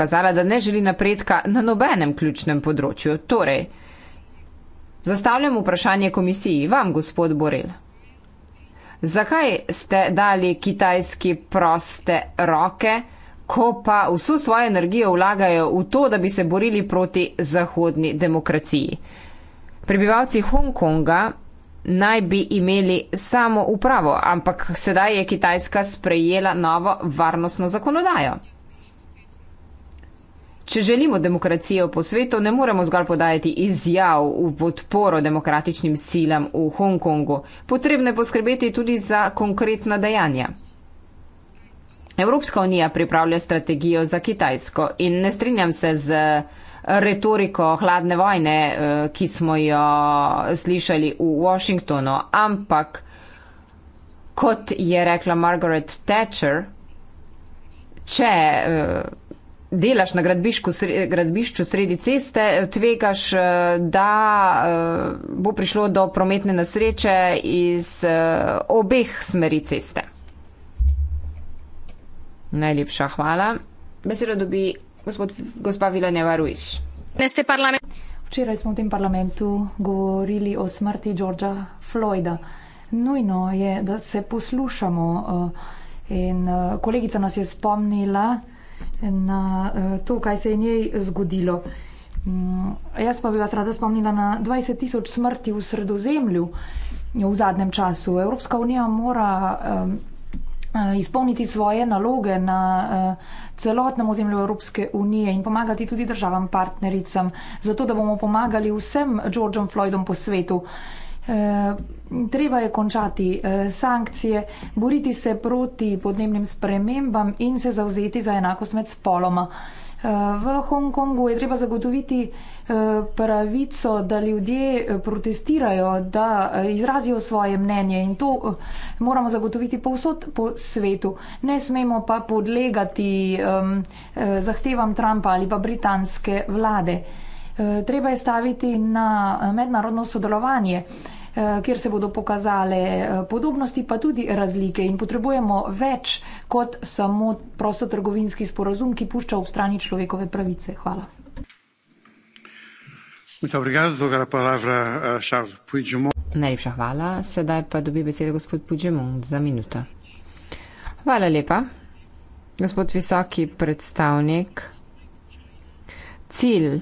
pokazala, da ne želi napredka na nobenem ključnem področju. Torej, zastavljam vprašanje komisiji vam, gospod Borel. Zakaj ste dali kitajski proste roke, ko pa vso svojo energijo vlagajo v to, da bi se borili proti zahodni demokraciji? Prebivalci Hongkonga naj bi imeli samo upravo, ampak sedaj je Kitajska sprejela novo varnostno zakonodajo. Če želimo demokracijo po svetu, ne moremo zgolj podajati izjav v podporo demokratičnim silam v Hongkongu. Potrebno je poskrbeti tudi za konkretna dejanja. Evropska unija pripravlja strategijo za Kitajsko in ne strinjam se z retoriko hladne vojne, eh, ki smo jo slišali v Washingtonu, ampak kot je rekla Margaret Thatcher, če eh, delaš na gradbišču sredi ceste, tvegaš, eh, da eh, bo prišlo do prometne nesreče iz eh, obeh smeri ceste. Najlepša hvala. Besedo dobi gospod gospa Vilanjeva Ruiz. Včeraj smo v tem parlamentu govorili o smrti Georgea Floyda. Nujno je, da se poslušamo in kolegica nas je spomnila, na eh, to, kaj se je njej zgodilo. Mm, jaz pa bi vas rada spomnila na 20 tisoč smrti v sredozemlju eh, v zadnjem času. Evropska unija mora eh, izpolniti svoje naloge na celotnem ozemlju Evropske unije in pomagati tudi državam partnericam, zato da bomo pomagali vsem Georgeom Floydom po svetu. Eh, treba je končati eh, sankcije, boriti se proti podnebnim spremembam in se zauzeti za enakost med spoloma. Eh, v Hongkongu je treba zagotoviti pravico, da ljudje protestirajo, da izrazijo svoje mnenje in to moramo zagotoviti povsod po svetu. Ne smemo pa podlegati zahtevam Trumpa ali pa britanske vlade. Treba je staviti na mednarodno sodelovanje. Eh, kjer se bodo pokazale eh, podobnosti, pa tudi razlike. In potrebujemo več kot samo prostotrgovinski sporozum, ki pušča ob strani človekove pravice. Hvala. Najlepša hvala. Sedaj pa dobi besedo gospod Puigdemont za minuto. Hvala lepa. Gospod visoki predstavnik, cilj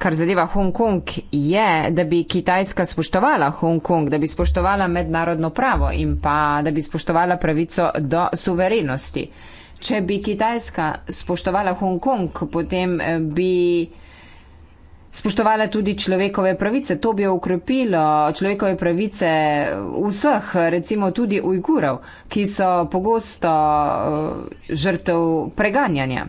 kar zadeva Hongkong, je, da bi Kitajska spoštovala Hongkong, da bi spoštovala mednarodno pravo in pa da bi spoštovala pravico do suverenosti. Če bi Kitajska spoštovala Hongkong, potem eh, bi spoštovala tudi človekove pravice. To bi okrepilo človekove pravice vseh, recimo tudi ujgurov, ki so pogosto eh, žrtev preganjanja.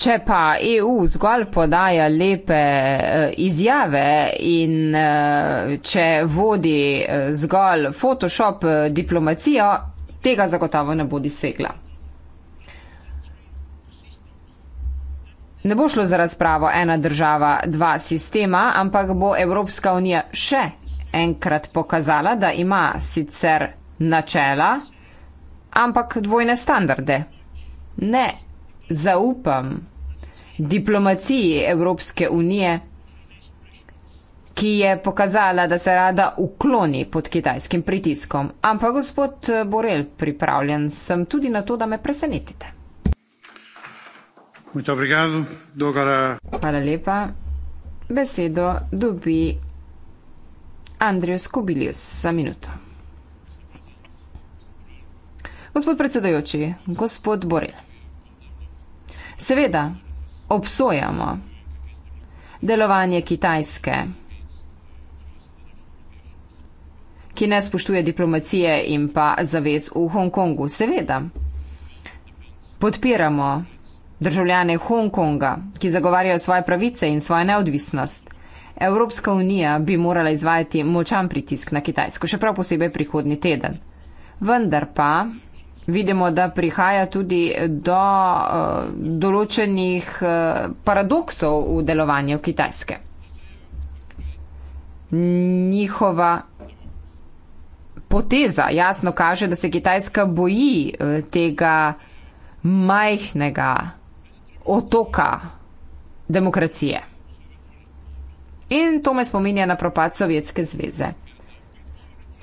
Če pa EU zgolj podaja lepe eh, izjave in eh, če vodi eh, zgolj Photoshop diplomacijo, tega zagotovo ne bo dosegla. Ne bo šlo za razpravo ena država, dva sistema, ampak bo Evropska unija še enkrat pokazala, da ima sicer načela, ampak dvojne standarde. Ne zaupam diplomaciji Evropske unije, ki je pokazala, da se rada ukloni pod kitajskim pritiskom. Ampak, gospod Borel, pripravljen sem tudi na to, da me presenetite. Hvala lepa. Besedo dobi Andrej Skubilius za minuto. Gospod predsedojoči, gospod Borel. Seveda, obsojamo delovanje Kitajske, ki ne spoštuje diplomacije in pa zavez v Hongkongu. Seveda, podpiramo državljane Hongkonga, ki zagovarjajo svoje pravice in svojo neodvisnost. Evropska unija bi morala izvajati močan pritisk na Kitajsko, še prav posebej prihodni teden. Vendar pa vidimo, da prihaja tudi do uh, določenih uh, paradoksov v delovanju Kitajske. Njihova poteza jasno kaže, da se Kitajska boji eh, tega majhnega otoka demokracije. In to me spominja na propad Sovjetske zveze.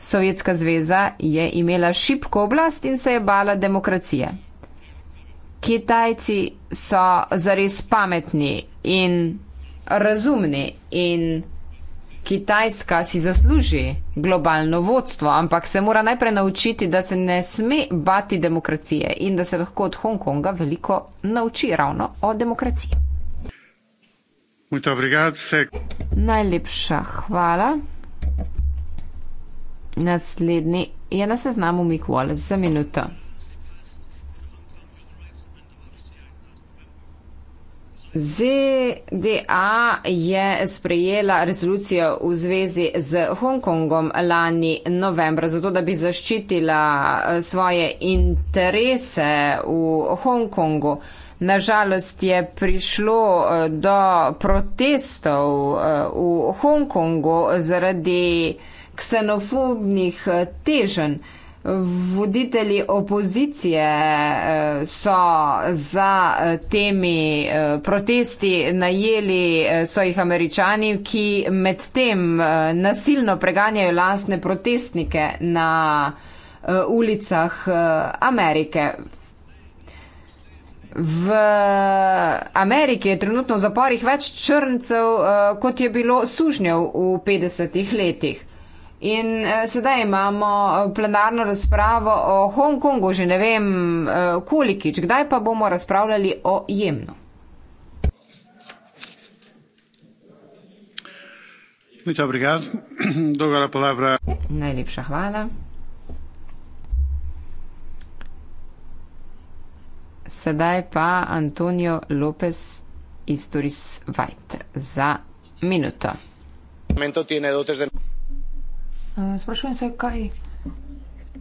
Sovjetska zveza je imela šibko oblast in se je bala demokracije. Kitajci so zares pametni in razumni in Kitajska si zasluži globalno vodstvo, ampak se mora najprej naučiti, da se ne sme bati demokracije in da se lahko od Hongkonga veliko nauči ravno o demokraciji. Muito obrigado, Najlepša hvala. Naslednji je na seznamu Mick Wallace za minuto. ZDA je sprejela rezolucijo v zvezi z Hongkongom lani novembra, zato da bi zaščitila eh, svoje interese v Hongkongu. Nažalost je prišlo eh, do protestov eh, v Hongkongu zaradi ksenofobnih eh, teženj. Voditelji opozicije eh, so za eh, temi protesti najeli svojih američani, ki med tem nasilno preganjajo lastne protestnike na ulicah Amerike. V Ameriki je trenutno v zaporih več črncev, kot je bilo sužnjev v 50-ih letih. In uh, sedaj imamo eh, plenarno razpravo o Hongkongu, že ne vem uh, eh, kolikič, kdaj pa bomo razpravljali o Jemnu. Najlepša hvala. Sedaj pa Antonijo Lopes iz Turis Vajt za minuto. Sprašujem se, kaj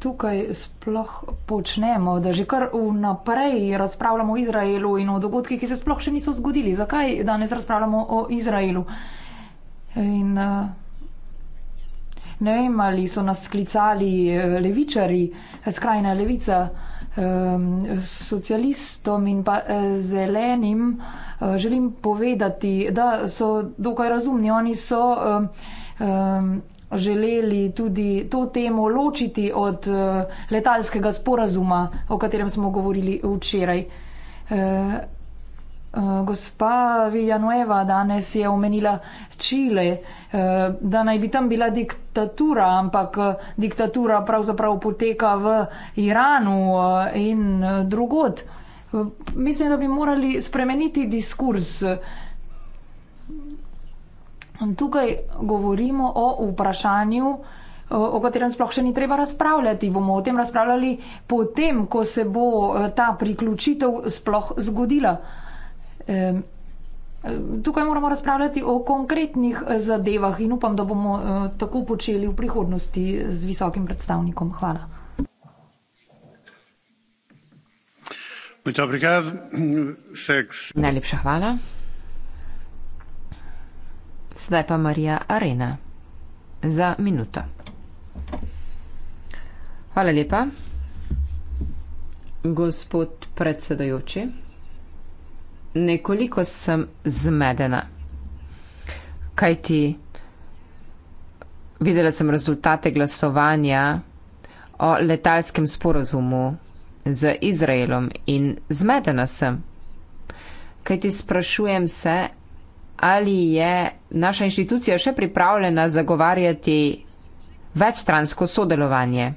tukaj sploh počnemo, da že kar vnaprej razpravljamo o Izraelu in o dogodkih, ki se sploh še niso zgodili. Zakaj danes razpravljamo o Izraelu? In eh, ne vem, ali so nas sklicali eh, levičari, eh, skrajna levica, socialistom in pa zelenim. Želim povedati, da so dokaj razumni. Oni so želeli tudi to temo ločiti od eh, letalskega sporazuma, o katerem smo govorili včeraj. Eh, eh, gospa Villanueva danes je omenila Čile, da naj bi tam bila diktatura, ampak diktatura pravzaprav poteka v Iranu in drugod. Mislim, da bi morali spremeniti diskurs tukaj govorimo o vprašanju, eh, o katerem sploh še ni treba razpravljati. Bomo o tem razpravljali potem, ko se bo eh, ta priključitev sploh zgodila. Eh, tukaj moramo razpravljati o konkretnih zadevah in upam, da bomo tako počeli v prihodnosti z visokim predstavnikom. Hvala. Najlepša hvala. Zdaj pa Marija Arena za minuto. Hvala lepa, gospod predsedajoči. Nekoliko sem zmedena, kajti videla sem rezultate glasovanja o letalskem sporozumu z Izraelom in zmedena sem, kajti sprašujem se, ali je naša inštitucija še pripravljena zagovarjati večstransko sodelovanje.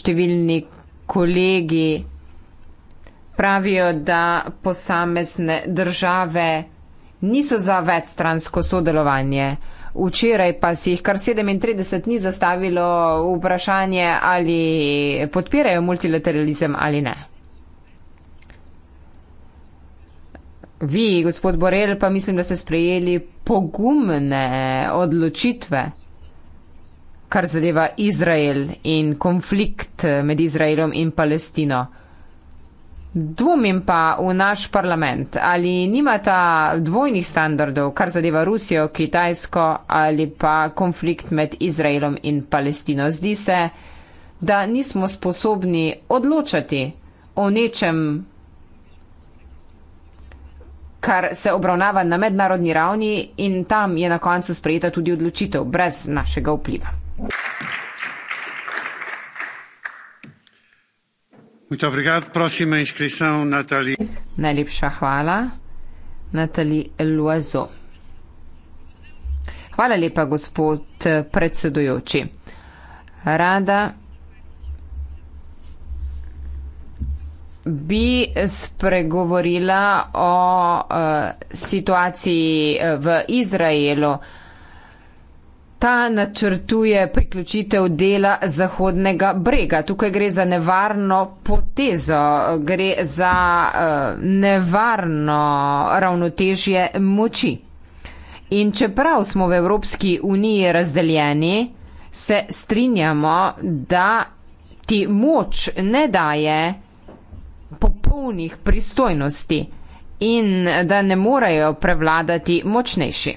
Številni kolegi pravijo, da posamezne države niso za večstransko sodelovanje. Včeraj pa si jih kar 37 ni zastavilo vprašanje, ali podpirajo multilateralizem ali ne. vi, gospod Borel, pa mislim, da ste sprejeli pogumne odločitve, kar zadeva Izrael in konflikt med Izraelom in Palestino. Dvomim pa v naš parlament, ali nimata dvojnih standardov, kar zadeva Rusijo, Kitajsko ali pa konflikt med Izraelom in Palestino. Zdi se, da nismo sposobni odločati o nečem, kar se obravnava na mednarodni ravni in tam je na koncu sprejeta tudi odločitev brez našega vpliva. Najlepša hvala, Natali Loazo. Hvala lepa, gospod predsedujoči. Rada bi spregovorila o uh, situaciji eh, v Izraelu. Ta načrtuje priključitev dela Zahodnega brega. Tukaj gre za nevarno potezo, gre za uh, nevarno ravnotežje moči. In čeprav smo v Evropski uniji razdeljeni, se strinjamo, da ti moč ne daje popolnih pristojnosti in da ne morejo prevladati močnejši.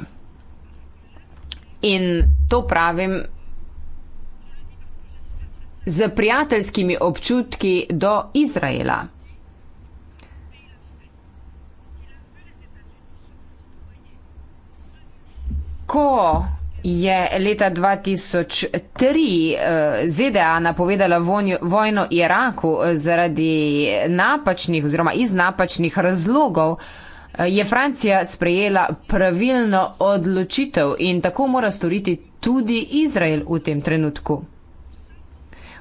In to pravim z prijateljskimi občutki do Izraela. Ko je leta 2003 eh, ZDA napovedala vojno Iraku eh, zaradi napačnih oziroma iz napačnih razlogov, eh, je Francija sprejela pravilno odločitev in tako mora storiti tudi Izrael v tem trenutku.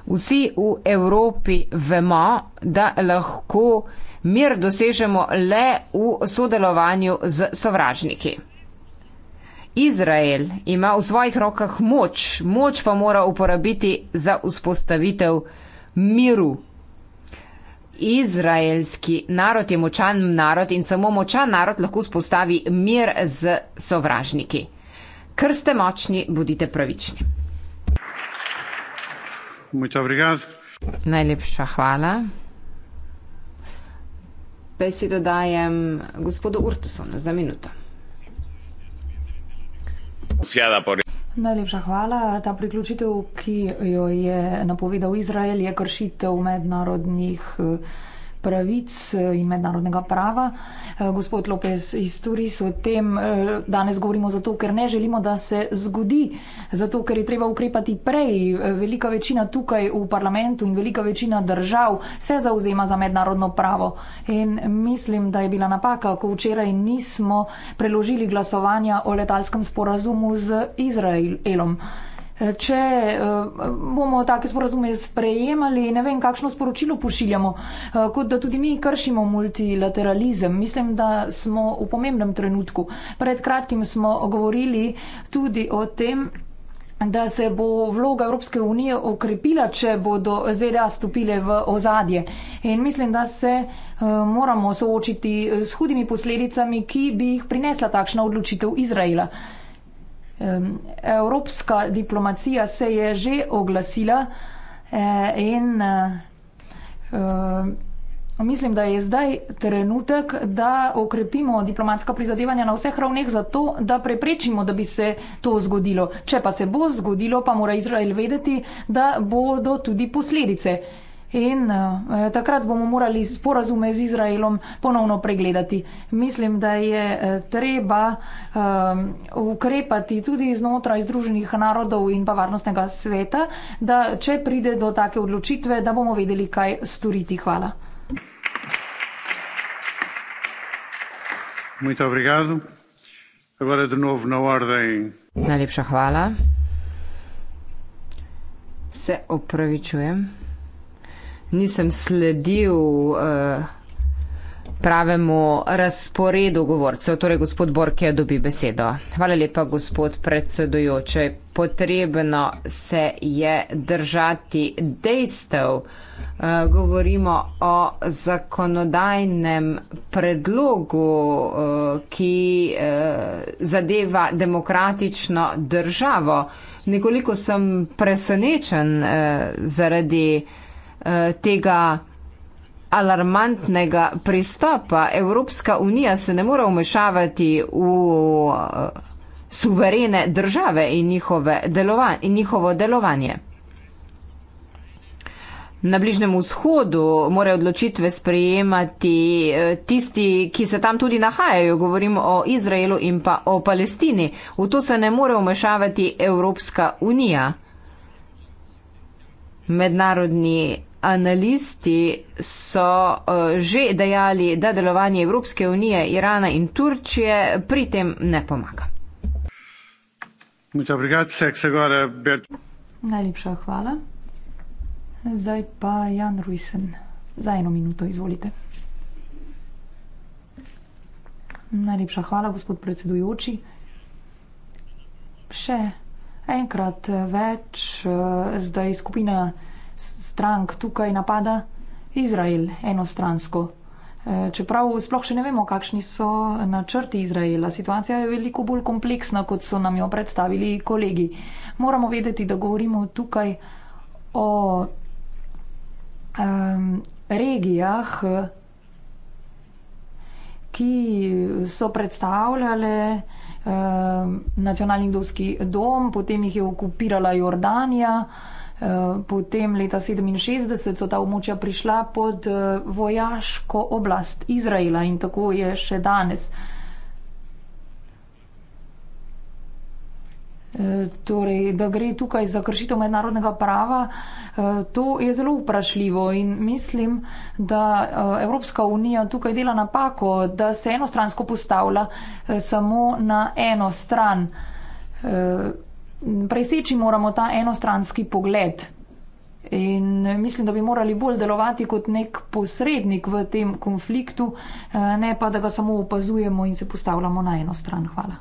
Vsi v Evropi vemo, da lahko mir dosežemo le v sodelovanju z sovražniki. Izrael ima v svojih rokah moč, moč pa mora uporabiti za vzpostavitev miru. Izraelski narod je močan narod in samo močan narod lahko vzpostavi mir z sovražniki. Ker ste močni, bodite pravični. Najlepša hvala. Besedo dajem gospodu Urtusonu za minuto anunciada por. Najlepša hvala. Ta priključitev, ki jo je napovedal Izrael, je kršitev mednarodnih. Uh, pravic eh, in mednarodnega prava. Eh, gospod Lopez iz Turis, o tem eh, danes govorimo zato, ker ne želimo, da se zgodi, zato, ker je treba ukrepati prej. Velika večina tukaj v parlamentu in velika večina držav se zauzema za mednarodno pravo. In mislim, da je bila napaka, ko včeraj nismo preložili glasovanja o letalskem sporazumu z Izraelom če eh, bomo take sporazume sprejemali, ne vem, kakšno sporočilo pošiljamo, eh, kot da tudi mi kršimo multilateralizem. Mislim, da smo v pomembnem trenutku. Pred kratkim smo govorili tudi o tem, da se bo vloga Evropske unije okrepila, če bodo ZDA stopile v ozadje. In mislim, da se eh, moramo soočiti s hudimi posledicami, ki bi jih prinesla takšna odločitev Izraela. Evropska diplomacija se je že oglasila eh, in eh, mislim, da je zdaj trenutek, da okrepimo diplomatska prizadevanja na vseh ravneh za to, da preprečimo, da bi se to zgodilo. Če pa se bo zgodilo, pa mora Izrael vedeti, da bodo tudi posledice. In eh, eh, takrat bomo morali sporazume z Izraelom ponovno pregledati. Mislim, da je eh, treba eh, ukrepati tudi znotraj Združenih narodov in pa Varnostnega sveta, da če pride do take odločitve, da bomo vedeli, kaj storiti. Hvala. Najlepša hvala. Se opravičujem nisem sledil eh, pravemu razporedu govorcev. Torej, gospod Borke dobi besedo. Hvala lepa, gospod predsedujoče. Potrebno se je držati dejstev. Eh, govorimo o zakonodajnem predlogu, eh, ki zadeva demokratično državo. Nekoliko sem presenečen zaradi Eh, tega alarmantnega pristopa. Evropska unija se ne more umešavati v eh, suverene države in, delovan in njihovo delovanje. Na Bližnem vzhodu morajo odločitve sprejemati eh, tisti, ki se tam tudi nahajajo. Govorimo o Izraelu in pa o Palestini. V to se ne more umešavati Evropska unija. Mednarodni analisti so eh, že dejali, da delovanje Evropske unije, Irana in Turčije pri tem ne pomaga. Najlepša hvala. Zdaj pa Jan Ruisen. Za eno minuto izvolite. Najlepša hvala, gospod predsedujoči. Še enkrat več. Eh, zdaj skupina strank tukaj napada Izrael enostransko. E, čeprav sploh še ne vemo, kakšni so načrti Izraela. Situacija je veliko bolj kompleksna, kot so nam jo predstavili kolegi. Moramo vedeti, da govorimo tukaj o um, regijah, ki so predstavljale um, nacionalni indovski dom, potem jih je okupirala Jordanija. Um, Eh, potem leta 1967 so ta območja prišla pod eh, vojaško oblast Izraela in tako je še danes. Eh, torej, da gre tukaj za kršitev mednarodnega prava, to je zelo vprašljivo in mislim, da Evropska unija tukaj dela napako, da se enostransko postavlja samo na eno stran preseči moramo ta enostranski pogled. In eh, mislim, da bi morali bolj delovati kot nek posrednik v tem konfliktu, eh, ne pa da ga samo opazujemo in se postavljamo na eno stran. Hvala.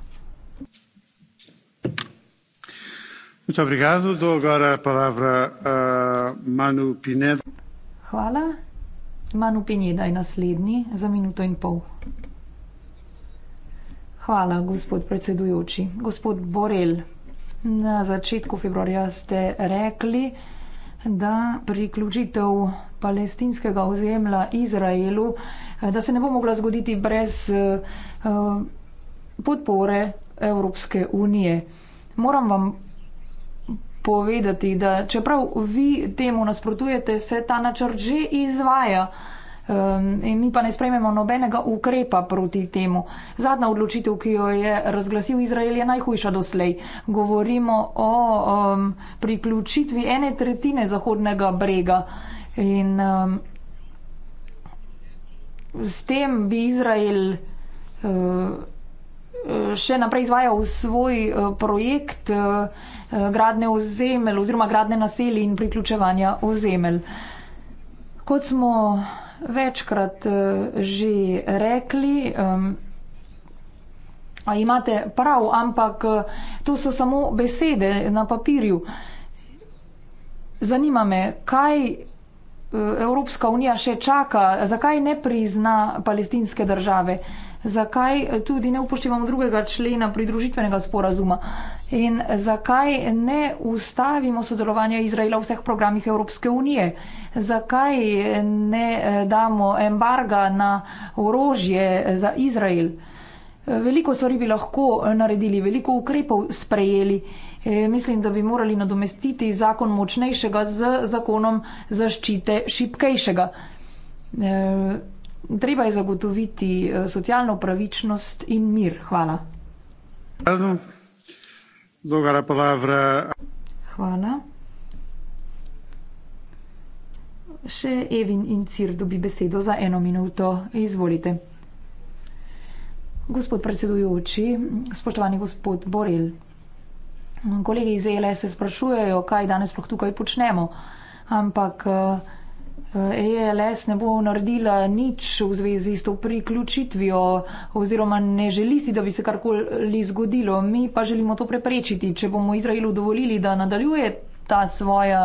Hvala. Manu Pineda je naslednji za minuto in pol. Hvala, gospod predsedujoči. Gospod Borel. Na začetku februarja ste rekli, da priključitev palestinskega ozemlja Izraelu, eh, da se ne bo mogla zgoditi brez eh, podpore Evropske unije. Moram vam povedati, da čeprav vi temu nasprotujete, se ta načrt že izvaja. Ehm, in mi pa ne sprejmemo nobenega ukrepa proti temu. Zadnja odločitev, ki jo je razglasil Izrael, je najhujša doslej. Govorimo o um, priključitvi ene tretjine Zahodnega brega. In um, s tem bi Izrael uh, še naprej izvajal svoj uh, projekt uh, gradne ozemelj oziroma gradne naselji in priključevanja ozemelj. Kot smo večkrat eh, že rekli. Imate prav, ampak eh, to so samo besede na papirju. Zanima me, kaj eh, Evropska unija še čaka, zakaj ne prizna palestinske države zakaj tudi ne upoštevamo drugega člena pridružitvenega sporazuma in zakaj ne ustavimo sodelovanja Izraela v vseh programih Evropske unije, zakaj ne eh, damo embarga na orožje za Izrael. Veliko stvari bi lahko eh, naredili, veliko ukrepov sprejeli. Eh, mislim, da bi morali nadomestiti zakon močnejšega z zakonom zaščite šipkejšega treba je zagotoviti eh, socialno pravičnost in mir. Hvala. Hvala. Še Evin in Cir dobi besedo za eno minuto. Izvolite. Gospod predsedujoči, spoštovani gospod Borel, kolegi iz ELS se sprašujejo, kaj danes sploh tukaj počnemo, ampak uh, ELS ne bo naredila nič v zvezi s to priključitvijo oziroma ne želi si, da bi se karkoli zgodilo. Mi pa želimo to preprečiti. Če bomo Izraelu dovolili, da nadaljuje ta svoja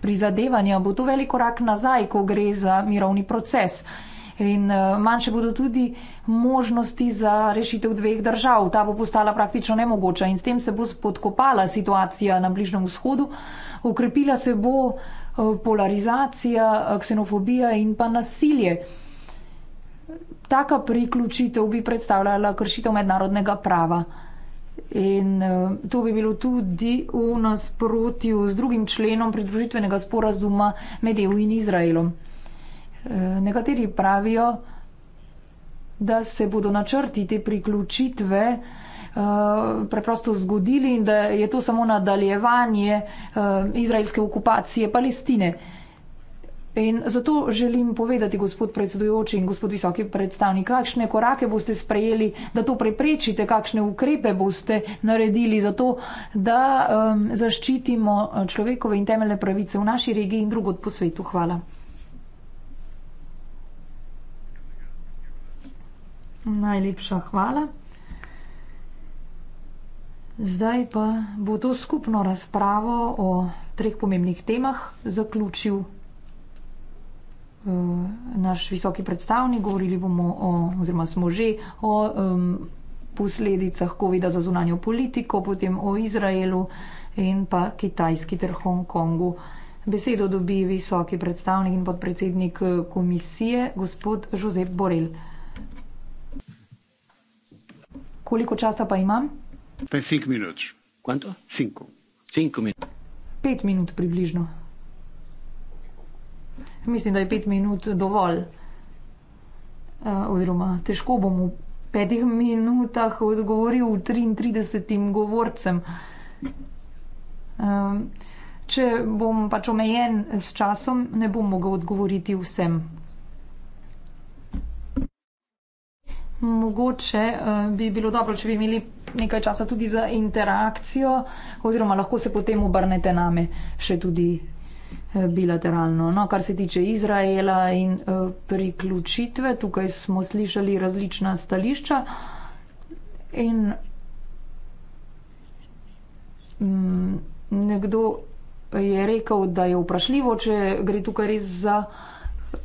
prizadevanja, bo to velik korak nazaj, ko gre za mirovni proces. In e, manjše bodo tudi možnosti za rešitev dveh držav. Ta bo postala praktično nemogoča in s tem se bo spodkopala situacija na Bližnem vzhodu, ukrepila se bo. Eh, polarizacija, eh, ksenofobija in pa nasilje. Taka priključitev bi predstavljala kršitev mednarodnega prava. In eh, to bi bilo tudi v nasprotju z drugim členom pridružitvenega sporazuma med EU in Izraelom. Nekateri pravijo, da se bodo načrti te priključitve Eh, preprosto zgodili in da je to samo nadaljevanje eh, izraelske okupacije Palestine. In zato želim povedati, gospod predsedujoči in gospod visoki predstavnik, kakšne korake boste sprejeli, da to preprečite, kakšne ukrepe boste naredili za to, da um, zaščitimo eh, človekove in temeljne pravice v naši regiji in drugod po svetu. Hvala. Najlepša hvala. Zdaj pa bo to skupno razpravo o treh pomembnih temah zaključil eh, naš visoki predstavnik. Govorili bomo o, oziroma smo že o um, posledicah COVID-a za zunanjo politiko, potem o Izraelu in pa Kitajski ter Hongkongu. Besedo dobi visoki predstavnik in podpredsednik eh, komisije, gospod Žozef Borel. Koliko časa pa imam? Tem cinco minutos. Quanto? Cinco. Cinco minutos. Pet minut, približno. Mislim, da je pet minut dovolj. Uh, oziroma, težko bom v petih minutah odgovoril 33 govorcem. Um, če bom pač omejen s časom, ne bom mogel odgovoriti vsem. Mogoče uh, bi bilo dobro, če bi imeli nekaj časa tudi za interakcijo, oziroma lahko se potem obrnete name še tudi eh, bilateralno. No, kar se tiče Izraela in eh, priključitve, tukaj smo slišali različna stališča. In mm, nekdo je rekel, da je vprašljivo, če gre tukaj res za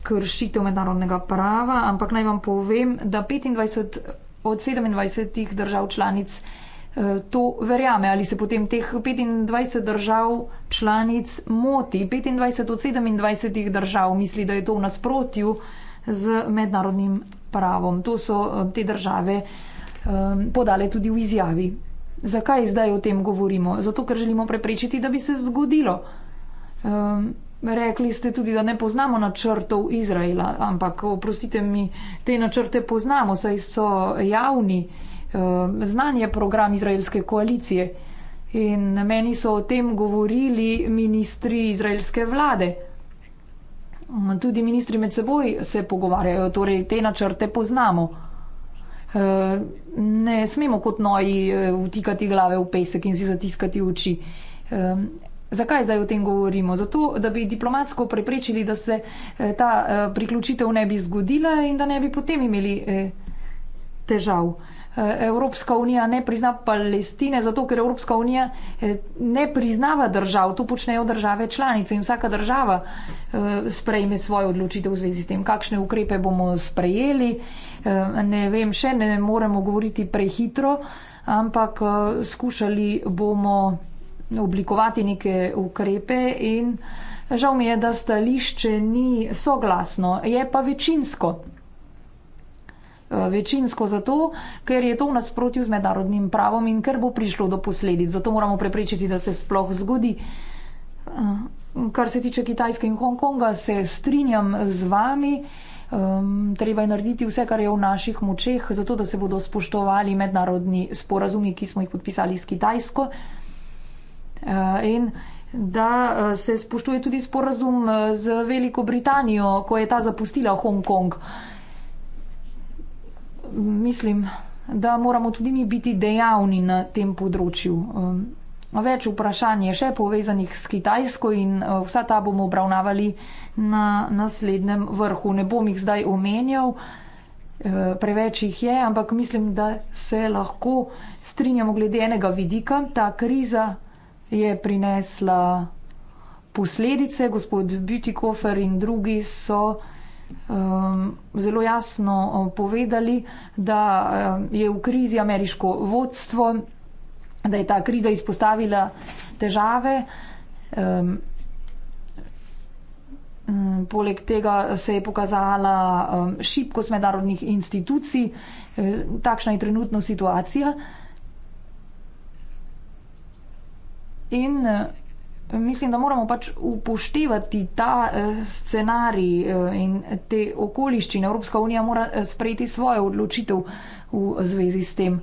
kršitev mednarodnega prava, ampak naj vam povem, da 25 od 27 držav članic eh, to verjame. Ali se potem teh 25 držav članic moti? 25 od 27 držav misli, da je to v nasprotju z mednarodnim pravom. To so eh, te države eh, podale tudi v izjavi. Zakaj zdaj o tem govorimo? Zato, ker želimo preprečiti, da bi se zgodilo. Rekli ste tudi, da ne poznamo načrtov Izraela, ampak oprostite mi, te načrte poznamo, saj so javni, eh, znan je program izraelske koalicije. In meni so o tem govorili ministri izraelske vlade. Tudi ministri med seboj se pogovarjajo, torej te načrte poznamo. Eh, ne smemo kot noji eh, vtikati glave v pesek in si zatiskati oči. Zakaj zdaj o tem govorimo? Zato, da bi diplomatsko preprečili, da se eh, ta eh, priključitev ne bi zgodila in da ne bi potem imeli eh, težav. Evropska unija ne prizna Palestine, zato ker Evropska unija ne priznava držav, to počnejo države članice in vsaka država sprejme svojo odločitev v zvezi s tem, kakšne ukrepe bomo sprejeli. Ne vem, še ne moremo govoriti prehitro, ampak skušali bomo oblikovati neke ukrepe in žal mi je, da stališče ni soglasno, je pa večinsko. Eh, večinsko zato, ker je to v nasprotju z mednarodnim pravom in ker bo prišlo do posledic. Zato moramo preprečiti, da se sploh zgodi. Eh, kar se tiče Kitajske in Hongkonga, se strinjam z vami. Treba je narediti vse, kar je v naših močeh, zato da se bodo spoštovali mednarodni sporazumi, ki smo jih podpisali s Kitajsko. Eh, in da eh, se spoštuje tudi sporazum eh, z Veliko Britanijo, ko je ta zapustila Hongkong. Mislim, da moramo tudi mi biti dejavni na tem področju. Več vprašanj je še povezanih s Kitajsko in vsa ta bomo obravnavali na naslednjem vrhu. Ne bom jih zdaj omenjal, preveč jih je, ampak mislim, da se lahko strinjamo glede enega vidika. Ta kriza je prinesla posledice. Gospod Bütikofer in drugi so um, zelo jasno uh, povedali, da uh, je v krizi ameriško vodstvo, da je ta kriza izpostavila težave. Um, um Poleg tega se je pokazala um, šibkost mednarodnih institucij, uh, takšna je trenutno situacija. In eh, mislim, da moramo pač upoštevati ta eh, scenarij eh, in te okoliščine. Evropska unija mora sprejeti svojo odločitev v zvezi s tem.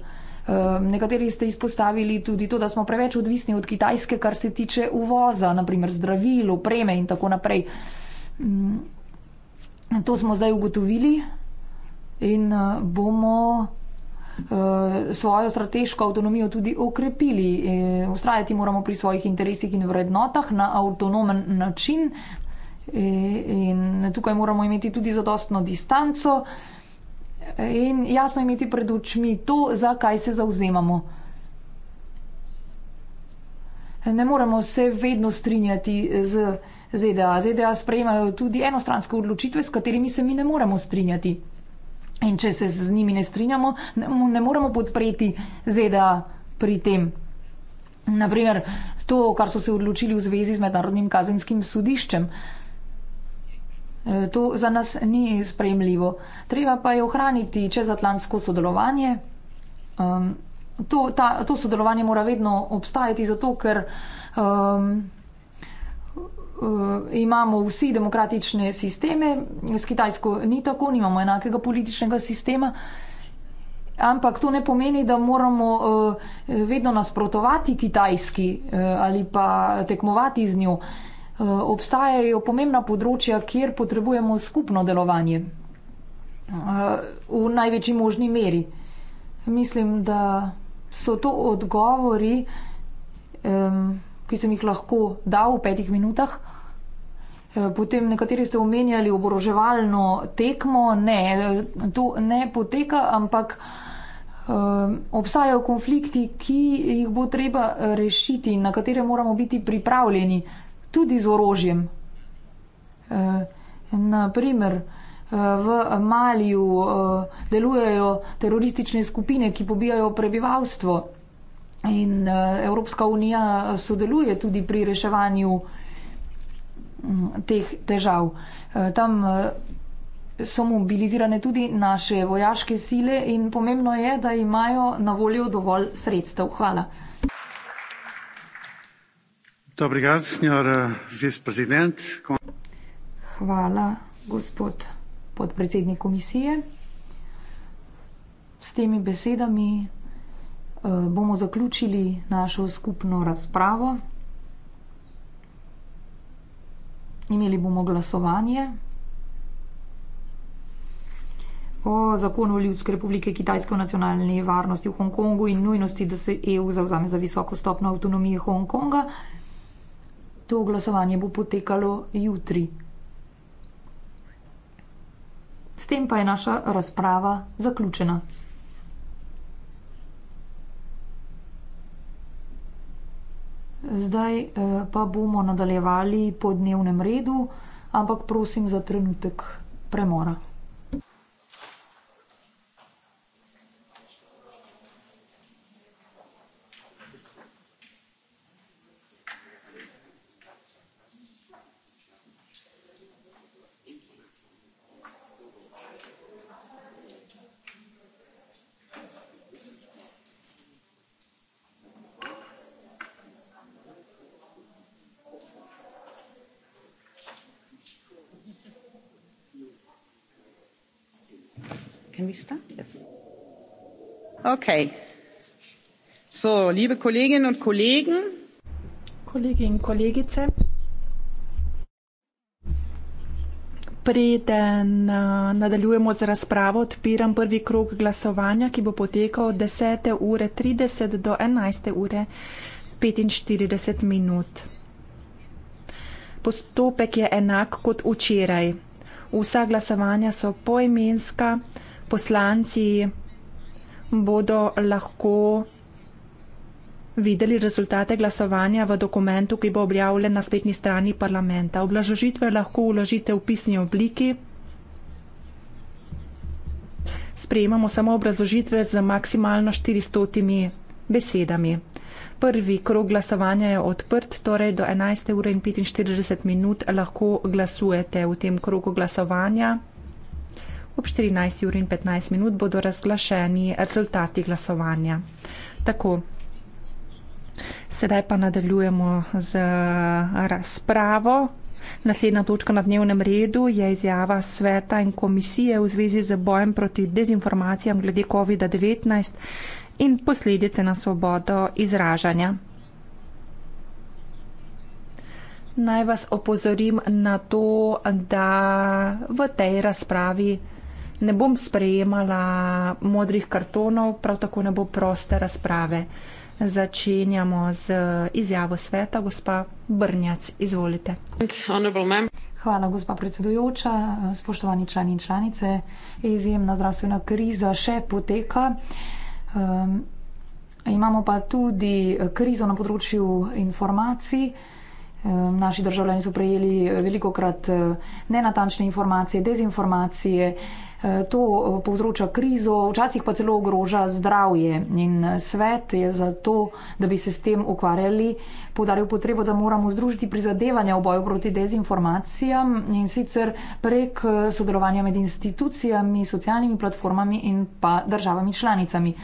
Nekateri ste izpostavili tudi to, da smo preveč odvisni od Kitajske, kar se tiče uvoza, naprimer zdravil, opreme in tako naprej. Mm, to smo zdaj ugotovili in bomo Eh, svojo strateško avtonomijo tudi okrepili. Eh, ustrajati moramo pri svojih interesih in vrednotah na avtonomen način eh, in tukaj moramo imeti tudi zadostno distanco in jasno imeti pred očmi to, za kaj se zauzemamo. Ne moremo se vedno strinjati z ZDA. ZDA sprejemajo tudi enostranske odločitve, s katerimi se mi ne moremo strinjati. In če se z njimi ne strinjamo, ne moremo podpreti ZDA pri tem. Naprimer, to, kar so se odločili v zvezi z Mednarodnim kazenskim sodiščem, e, to za nas ni sprejemljivo. Treba pa je ohraniti čezatlantsko sodelovanje. To, ta, to sodelovanje mora vedno obstajati, zato ker. Um, uh, imamo vsi demokratične sisteme, s Kitajsko ni tako, nimamo enakega političnega sistema. Ampak to ne pomeni, da moramo uh, vedno nasprotovati Kitajski uh, ali pa tekmovati z njo. Uh, obstajajo pomembna področja, kjer potrebujemo skupno delovanje uh, v največji možni meri. Mislim, da so to odgovori. Um, ki sem jih lahko dal v petih minutah. Eh, potem nekateri ste omenjali oboroževalno tekmo. Ne, eh, to ne poteka, ampak um, obstajajo konflikti, ki jih bo treba rešiti, na katere moramo biti pripravljeni, tudi z orožjem. Uh, naprimer, V Maliju delujejo teroristične skupine, ki pobijajo prebivalstvo. In eh, Evropska unija eh, sodeluje tudi pri reševanju mm, teh težav. Eh, tam so mobilizirane tudi naše vojaške sile in pomembno je, da imajo na voljo dovolj sredstev. Hvala. Hvala, gospod podpredsednik komisije. S temi besedami Eh, bomo zaključili našo skupno razpravo. Imeli bomo glasovanje o zakonu Ljudske republike Kitajske o nacionalni varnosti v Hongkongu in nujnosti, da se EU zavzame za visoko stopno avtonomije Hongkonga. To glasovanje bo potekalo jutri. S tem pa je naša razprava zaključena. Zdaj eh, pa bomo nadaljevali po dnevnem redu, ampak prosim za trenutek premora. Mista? Yes. Okay. So, liebe Kolleginnen und Kollegen. Kolleginnen und Kollegen. Preden eh, nadaljujemo z razpravo, odpiram prvi krok glasovanja, ki bo potekal od 10.30 do 11.45. Postopek je enak kot včeraj. Vsa glasovanja so poimenska poslanci bodo lahko videli rezultate glasovanja v dokumentu, ki bo objavljen na spletni strani parlamenta. Oblažožitve lahko uložite v pisni obliki. Sprejemamo samo obrazožitve z maksimalno 400 besedami. Prvi krog glasovanja je odprt, torej do 11.45 lahko glasujete v tem krogu glasovanja. Ob 14. uri in 15 minut bodo razglašeni rezultati glasovanja. Tako. Sedaj pa nadaljujemo z razpravo. Naslednja točka na dnevnem redu je izjava sveta in komisije v zvezi z bojem proti dezinformacijam glede COVID-19 in posledice na svobodo izražanja. Naj vas opozorim na to, da v tej razpravi ne bom sprejemala modrih kartonov, prav tako ne bo proste razprave. Začenjamo z izjavo sveta, gospa Brnjac, izvolite. Hvala, gospa predsedujoča, spoštovani člani in članice. Izjemna zdravstvena kriza še poteka. Um, imamo pa tudi krizo na področju informacij. Um, naši državljani so prejeli veliko krat uh, nenatančne informacije, dezinformacije. Eh, to eh, povzroča krizo, včasih pa celo ogroža zdravje. In eh, svet je zato, da bi se s tem ukvarjali, podaril potrebo, da moramo združiti prizadevanja v boju proti dezinformacijam in sicer prek sodelovanja med institucijami, socialnimi platformami in pa državami članicami.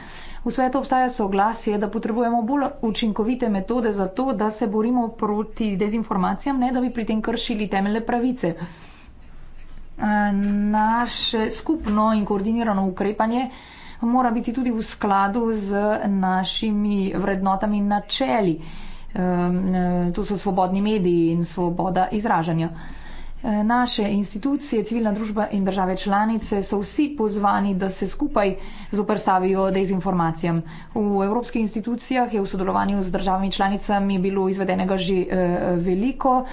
V svetu obstaja soglasje, da potrebujemo bolj učinkovite metode za to, da se borimo proti dezinformacijam, ne da bi pri tem kršili temeljne pravice naše skupno in koordinirano ukrepanje mora biti tudi v skladu z našimi vrednotami in načeli. E, to so svobodni mediji in svoboda izražanja. E, naše institucije, civilna družba in države članice so vsi pozvani, da se skupaj zoprstavijo dezinformacijam. V evropskih institucijah je v sodelovanju z državami članicami bilo izvedenega že e, veliko.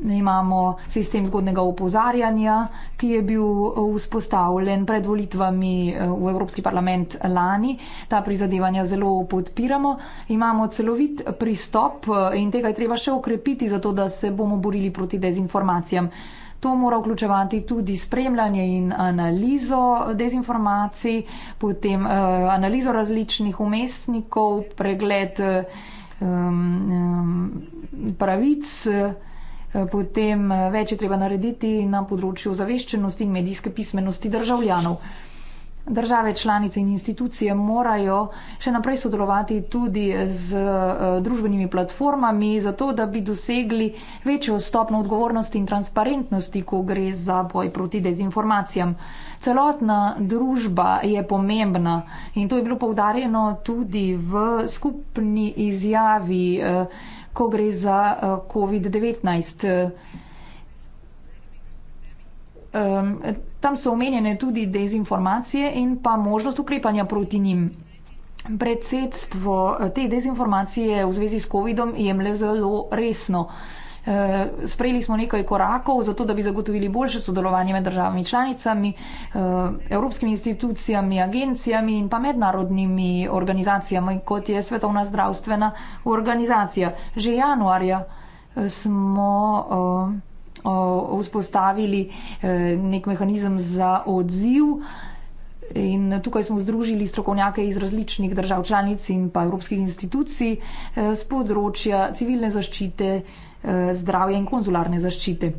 Imamo sistem zgodnega opozarjanja, ki je bil uh, vzpostavljen pred volitvami uh, v Evropski parlament lani. Ta prizadevanja zelo podpiramo. Imamo celovit pristop uh, in tega je treba še okrepiti, zato da se bomo borili proti dezinformacijam. To mora vključevati tudi spremljanje in analizo dezinformacij, potem uh, analizo različnih umestnikov, pregled um, um, pravic. Uh, Eh, potem eh, več je treba narediti na področju zaveščenosti in medijske pismenosti državljanov. Države članice in institucije morajo še naprej sodelovati tudi z eh, družbenimi platformami, zato da bi dosegli večjo stopno odgovornosti in transparentnosti, ko gre za boj proti dezinformacijam. Celotna družba je pomembna in to je bilo povdarjeno tudi v skupni izjavi. Eh, ko gre za eh, COVID-19. Tam so omenjene tudi dezinformacije in pa možnost ukrepanja proti njim. Predsedstvo eh, te dezinformacije v zvezi s COVID-om jemlje zelo resno. Eh, sprejeli smo nekaj korakov, zato da bi zagotovili boljše sodelovanje med državami članicami, eh, evropskimi institucijami, agencijami in pa mednarodnimi organizacijami, kot je Svetovna zdravstvena organizacija. Že januarja eh, smo vzpostavili nek mehanizem za odziv. In tukaj smo združili strokovnjake iz različnih držav članic in pa evropskih institucij z področja civilne zaščite, Eh, zdravja in konzularne zaščite.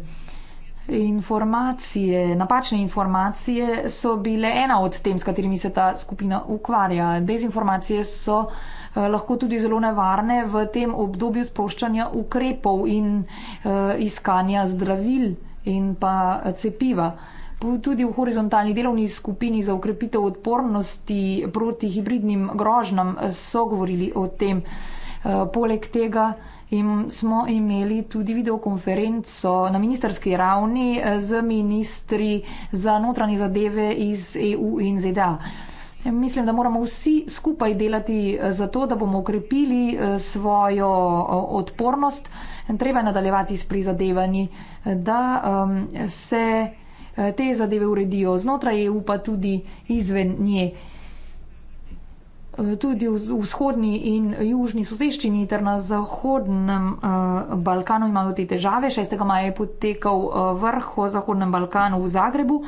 Informacije, napačne informacije so bile ena od tem, s katerimi se ta skupina ukvarja. Dezinformacije so eh, lahko tudi zelo nevarne v tem obdobju sproščanja ukrepov in eh, iskanja zdravil in pa cepiva. Tudi v horizontalni delovni skupini za ukrepitev odpornosti proti hibridnim grožnam so govorili o tem. Poleg tega in smo imeli tudi videokonferenco na ministerski ravni eh, z ministri za notranje zadeve iz EU in ZDA. Mislim, da moramo vsi skupaj delati eh, za to, da bomo ukrepili eh, svojo odpornost. Treba je nadaljevati s prizadevanji, da ehm, se te zadeve uredijo znotraj EU, pa tudi izven njej tudi v vzhodni in južni soseščini ter na Zahodnem eh, Balkanu imajo te težave. 6. maja je potekal eh, vrh o Zahodnem Balkanu v Zagrebu.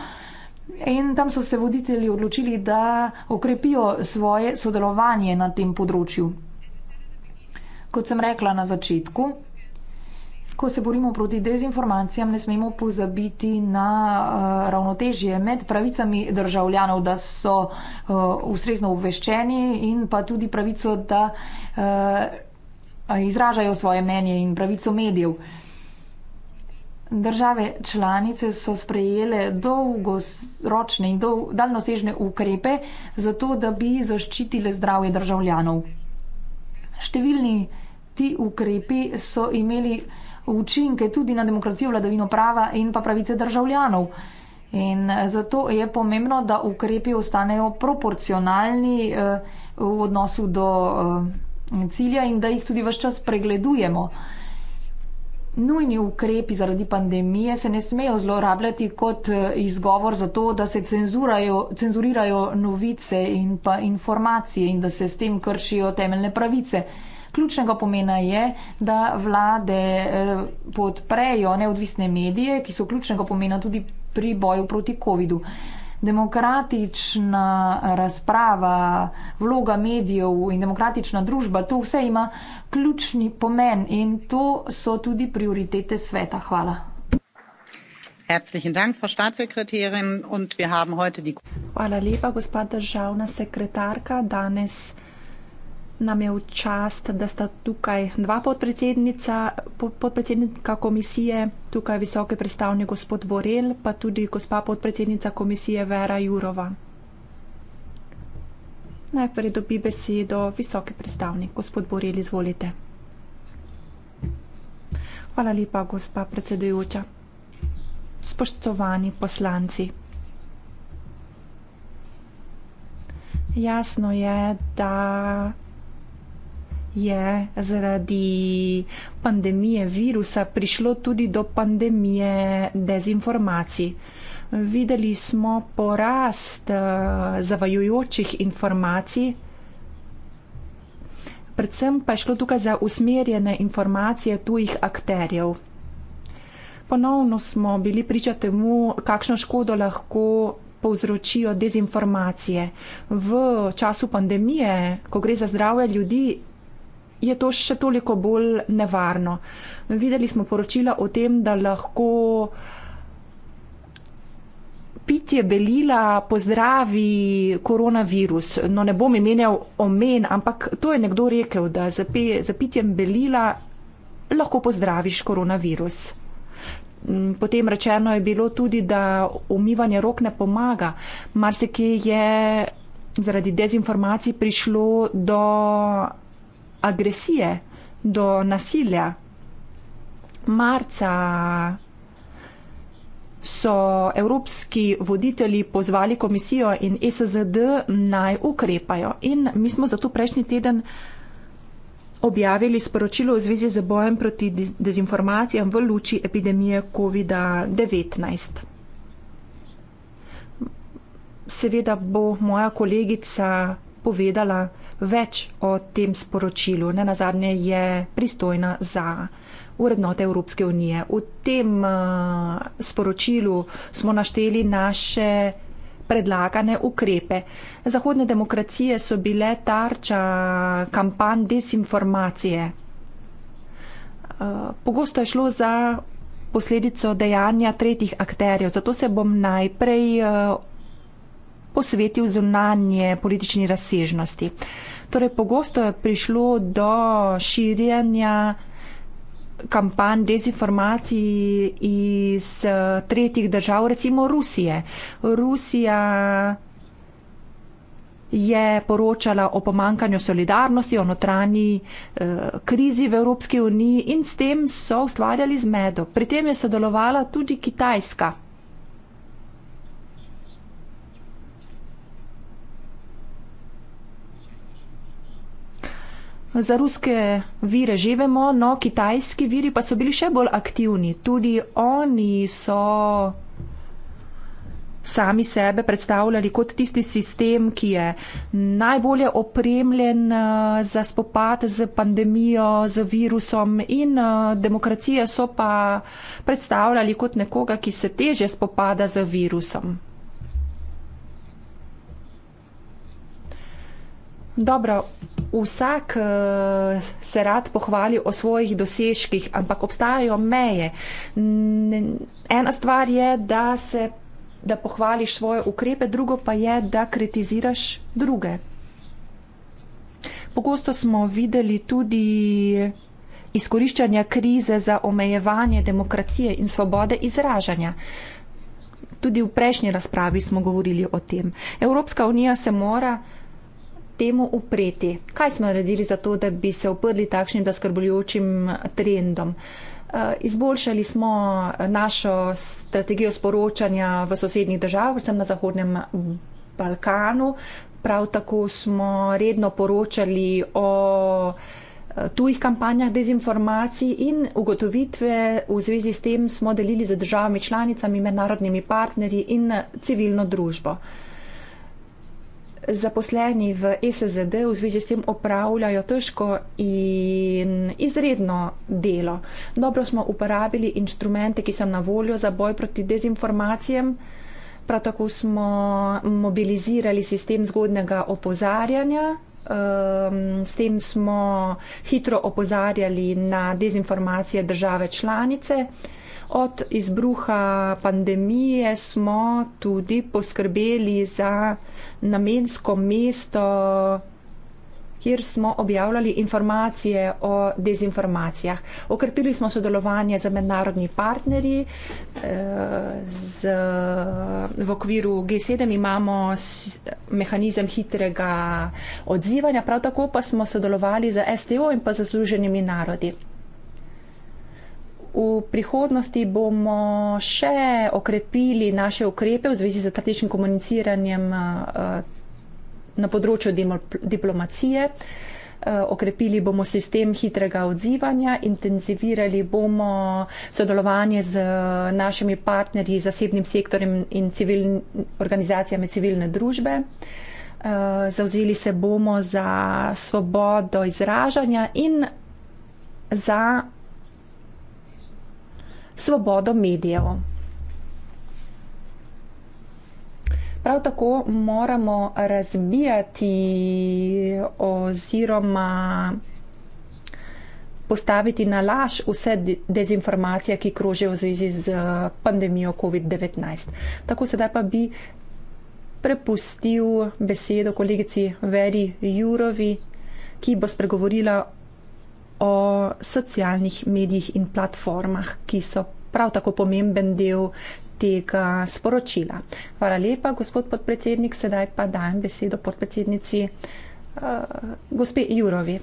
In tam so se voditelji odločili, da okrepijo svoje sodelovanje na tem področju. Kot sem rekla na začetku, ko se borimo proti dezinformacijam, ne smemo pozabiti na eh, ravnotežje med pravicami državljanov, da so eh, ustrezno obveščeni in pa tudi pravico, da eh, izražajo svoje mnenje in pravico medijev. Države članice so sprejele dolgoročne in dol, daljnosežne ukrepe za to, da bi zaščitile zdravje državljanov. Številni ti ukrepi so imeli učinke tudi na demokracijo, vladavino prava in pa pravice državljanov. In eh, zato je pomembno, da ukrepi ostanejo proporcionalni eh, v odnosu do eh, cilja in da jih tudi vse čas pregledujemo. Nujni ukrepi zaradi pandemije se ne smejo zlorabljati kot izgovor za to, da se cenzurirajo novice in pa informacije in da se s tem kršijo temeljne pravice ključnega pomena je, da vlade eh, podprejo neodvisne medije, ki so ključnega pomena tudi pri boju proti COVID-u. Demokratična razprava, vloga medijev in demokratična družba, to vse ima ključni pomen in to so tudi prioritete sveta. Hvala. Hvala lepa, gospod državna sekretarka. Danes nam je v čast, da sta tukaj dva podpredsednica, podpredsednika komisije, tukaj visoke predstavnik gospod Borel, pa tudi gospa podpredsednica komisije Vera Jurova. Najprej dobi besedo visoki predstavnik. Gospod Borel, izvolite. Hvala lepa, gospa predsedujoča. Spoštovani poslanci. Jasno je, da je zaradi pandemije virusa prišlo tudi do pandemije dezinformacij. Videli smo porast eh, zavajujočih informacij, predvsem pa je šlo tukaj za usmerjene informacije tujih akterjev. Ponovno smo bili priča temu, kakšno škodo lahko povzročijo dezinformacije. V času pandemije, ko gre za zdravje ljudi, je to še toliko bolj nevarno. Videli smo poročila o tem, da lahko pitje belila pozdravi koronavirus. No, ne bom imenjal omen, ampak to je nekdo rekel, da za, za pitjem belila lahko pozdraviš koronavirus. Mm, potem rečeno je bilo tudi, da umivanje rok ne pomaga. Marsikje je zaradi dezinformacij prišlo do agresije, do nasilja. Marca so evropski voditelji pozvali komisijo in SZD naj ukrepajo. In mi smo zato prejšnji teden objavili sporočilo v zvezi z bojem proti dezinformacijam v luči epidemije COVID-19. Seveda bo moja kolegica povedala, več o tem sporočilu. Ne nazadnje je pristojna za urednote Evropske unije. V tem uh, sporočilu smo našteli naše predlagane ukrepe. Zahodne demokracije so bile tarča kampanj desinformacije. Uh, pogosto je šlo za posledico dejanja tretjih akterjev, zato se bom najprej uh, posvetil zunanje politični razsežnosti. Torej, pogosto je prišlo do širjenja kampanj dezinformacij iz eh, tretjih držav, recimo Rusije. Rusija je poročala o pomankanju solidarnosti, o notranji eh, krizi v Evropski uniji in s tem so ustvarjali zmedo. Pri tem je sodelovala tudi Kitajska. Za ruske vire že vemo, no kitajski viri pa so bili še bolj aktivni. Tudi oni so sami sebe predstavljali kot tisti sistem, ki je najbolje opremljen eh, za spopad z pandemijo, z virusom in eh, demokracije so pa predstavljali kot nekoga, ki se teže spopada z virusom. Dobro, vsak eh, se rad pohvali o svojih dosežkih, ampak obstajajo meje. Ena stvar je, da se da pohvališ svoje ukrepe, drugo pa je, da kritiziraš druge. Pogosto smo videli tudi izkoriščanje krize za omejevanje demokracije in svobode izražanja. Tudi v prejšnji razpravi smo govorili o tem. Evropska unija se mora temu upreti? Kaj smo naredili za to, da bi se uprli takšnim zaskrbljujočim trendom? Eh, izboljšali smo našo strategijo sporočanja v sosednjih državah, predvsem na Zahodnem Balkanu. Prav tako smo redno poročali o eh, tujih kampanjah dezinformacij in ugotovitve v zvezi s tem smo delili z državami članicami, mednarodnimi partnerji in civilno družbo zaposleni v SZD v zvezi s tem opravljajo težko in izredno delo. Dobro smo uporabili inštrumente, ki so na voljo za boj proti dezinformacijam. Prav tako smo mobilizirali sistem zgodnega opozarjanja. Ehm, s tem smo hitro opozarjali na dezinformacije države članice. Od izbruha pandemije smo tudi poskrbeli za namensko mesto, kjer smo objavljali informacije o dezinformacijah. Okrepili smo sodelovanje za mednarodni partnerji. Eh, z, v okviru G7 imamo mehanizem hitrega odzivanja, prav tako pa smo sodelovali za STO in pa za Združenimi narodi. V prihodnosti bomo še okrepili naše ukrepe v zvezi z strateškim komuniciranjem eh, na področju diplomacije. Eh, okrepili bomo sistem hitrega odzivanja, intenzivirali bomo sodelovanje z eh, našimi partnerji, zasebnim sektorjem in civiln, organizacijami civilne družbe. Zauzeli se bomo za svobodo izražanja in za svobodo medijev. Prav tako moramo razbijati oziroma postaviti na laž vse dezinformacije, ki krožijo v zvezi z pandemijo COVID-19. Tako sedaj pa bi prepustil besedo kolegici Veri Jurovi, ki bo spregovorila o socialnih medijih in platformah, ki so prav tako pomemben del tega sporočila. Hvala lepa, gospod podpredsednik. Sedaj pa dajem besedo podpredsednici uh, gospe Jurovi.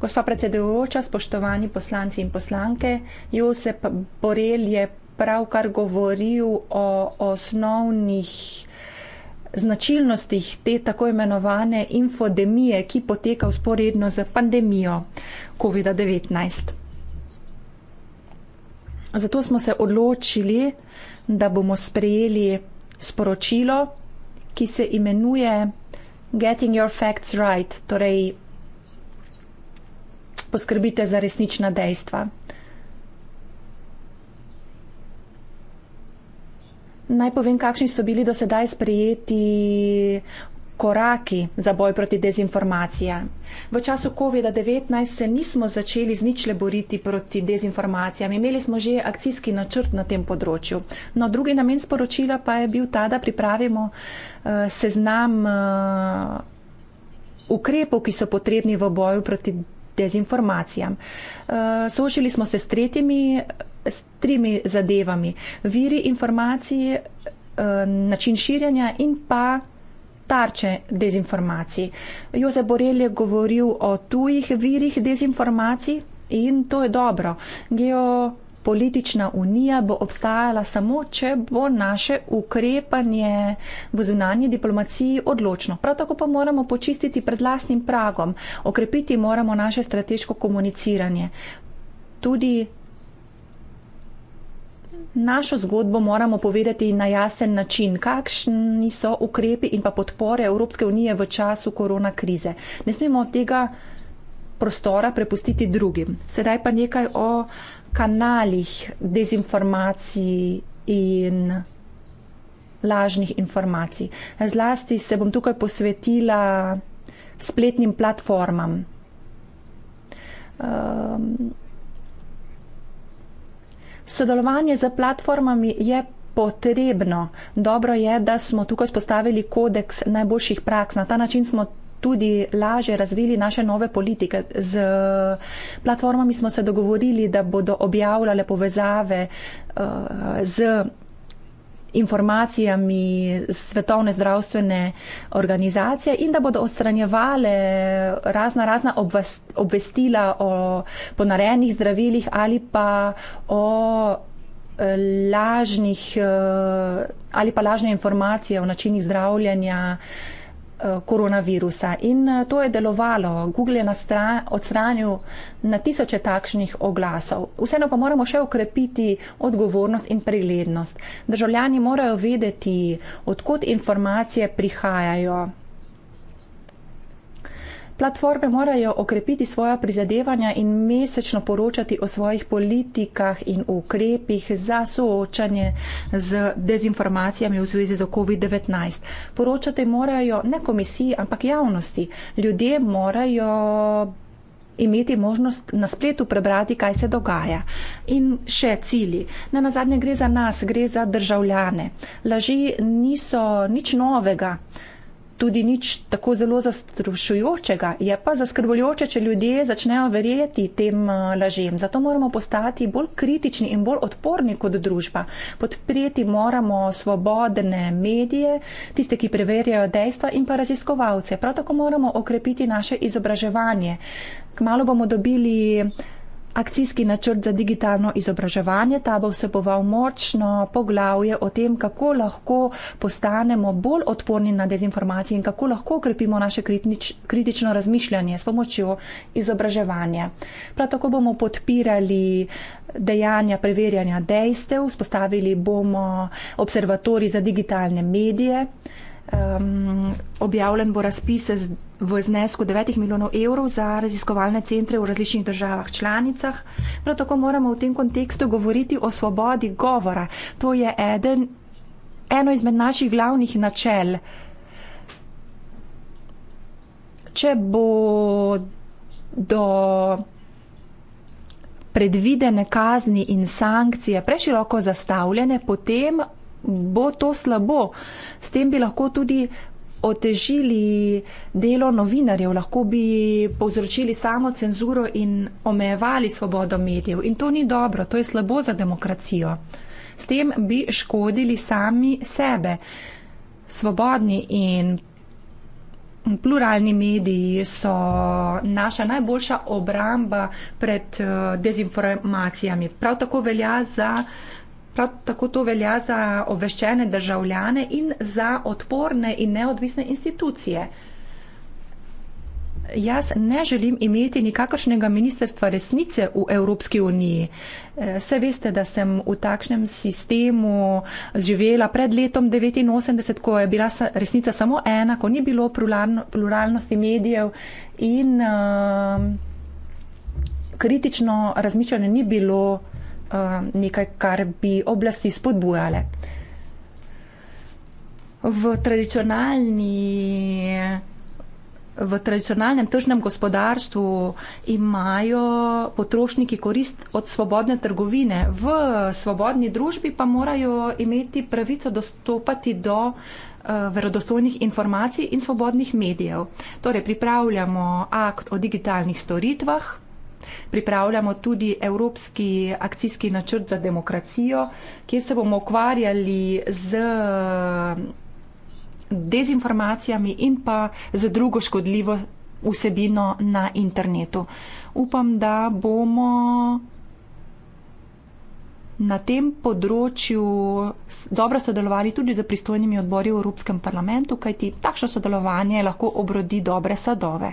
Gospa predsedujoča, spoštovani poslanci in poslanke, Josep Borel je pravkar govoril o osnovnih značilnostih te tako imenovane infodemije, ki poteka usporedno z pandemijo COVID-19. Zato smo se odločili, da bomo sprejeli sporočilo, ki se imenuje Getting Your Facts Right, torej poskrbite za resnična dejstva. naj povem, kakšni so bili do sedaj sprejeti koraki za boj proti dezinformacijam. V času COVID-19 se nismo začeli z ničle boriti proti dezinformacijam. Imeli smo že akcijski načrt na tem področju. No, drugi namen sporočila pa je bil ta, da pripravimo uh, seznam uh, ukrepov, ki so potrebni v boju proti dezinformacijam. Uh, eh, Sožili smo se s tretjimi. Uh, s trimi zadevami: viri informacij, eh, način širjenja in pa tarče dezinformacij. Jozef Borel je govoril o tujih virih dezinformacij in to je dobro. Geo Politična unija bo obstajala samo, če bo naše ukrepanje v zunanji diplomaciji odločno. Prav tako pa moramo počistiti pred lastnim pragom, okrepiti moramo naše strateško komuniciranje. Tudi Našo zgodbo moramo povedati na jasen način, kakšni so ukrepi in pa podpore Evropske unije v času korona krize. Ne smemo tega prostora prepustiti drugim. Sedaj pa nekaj o kanalih dezinformacij in lažnih informacij. Zlasti se bom tukaj posvetila spletnim platformam. Um, Sodelovanje z platformami je potrebno. Dobro je, da smo tukaj spostavili kodeks najboljših praks. Na ta način smo tudi laže razvili naše nove politike. Z platformami smo se dogovorili, da bodo objavljale povezave eh, z informacijami Svetovne zdravstvene organizacije in da bodo odstranjevale razna razna obvestila o ponarejenih zdravilih ali pa o eh, lažnih eh, ali pa lažne informacije o načinih zdravljanja Eh, koronavirusa. In eh, to je delovalo. Google je odstranil na tisoče takšnih oglasov. Vseeno pa moramo še okrepiti odgovornost in preglednost. Državljani morajo vedeti, odkot informacije prihajajo. Platforme morajo okrepiti svoja prizadevanja in mesečno poročati o svojih politikah in ukrepih za soočanje z dezinformacijami v zvezi z COVID-19. Poročati morajo ne komisiji, ampak javnosti. Ljudje morajo imeti možnost na spletu prebrati, kaj se dogaja. In še cilji. Na nazadnje gre za nas, gre za državljane. Laži niso nič novega tudi nič tako zelo zastrušujočega. Je pa zaskrbljujoče, če ljudje začnejo verjeti tem eh, lažem. Zato moramo postati bolj kritični in bolj odporni kot družba. Podpreti moramo svobodne medije, tiste, ki preverjajo dejstva in pa raziskovalce. Prav tako moramo okrepiti naše izobraževanje. Kmalo bomo dobili Akcijski načrt za digitalno izobraževanje, ta bo vseboval močno poglavje o tem, kako lahko postanemo bolj odporni na dezinformacije in kako lahko okrepimo naše kritnič, kritično razmišljanje s pomočjo izobraževanja. Prav tako bomo podpirali dejanja preverjanja dejstev, spostavili bomo observatori za digitalne medije um, objavljen bo razpise v znesku 9 milijonov evrov za raziskovalne centre v različnih državah članicah. Prav tako moramo v tem kontekstu govoriti o svobodi govora. To je eden, eno izmed naših glavnih načel. Če bo do predvidene kazni in sankcije preširoko zastavljene, potem bo to slabo. S tem bi lahko tudi otežili delo novinarjev, lahko bi povzročili samo cenzuro in omejevali svobodo medijev. In to ni dobro, to je slabo za demokracijo. S tem bi škodili sami sebe. Svobodni in pluralni mediji so naša najboljša obramba pred eh, dezinformacijami. Prav tako velja za uh, Prav tako to velja za obveščene državljane in za odporne in neodvisne institucije. Jaz ne želim imeti nikakršnega ministrstva resnice v Evropski uniji. Se veste, da sem v takšnem sistemu živela pred letom 1989, ko je bila resnica samo ena, ko ni bilo pluralnosti medijev in uh, kritično razmišljanje ni bilo uh, nekaj, kar bi oblasti spodbujale. V, tradicionalni, v tradicionalnem tržnem gospodarstvu imajo potrošniki korist od svobodne trgovine, v svobodni družbi pa morajo imeti pravico dostopati do eh, verodostojnih informacij in svobodnih medijev. Torej pripravljamo akt o digitalnih storitvah, Pripravljamo tudi Evropski akcijski načrt za demokracijo, kjer se bomo ukvarjali z mm, dezinformacijami in pa z drugo škodljivo vsebino na internetu. Upam, da bomo na tem področju dobro sodelovali tudi z pristojnimi odbori v Evropskem parlamentu, kajti takšno sodelovanje lahko obrodi dobre sadove.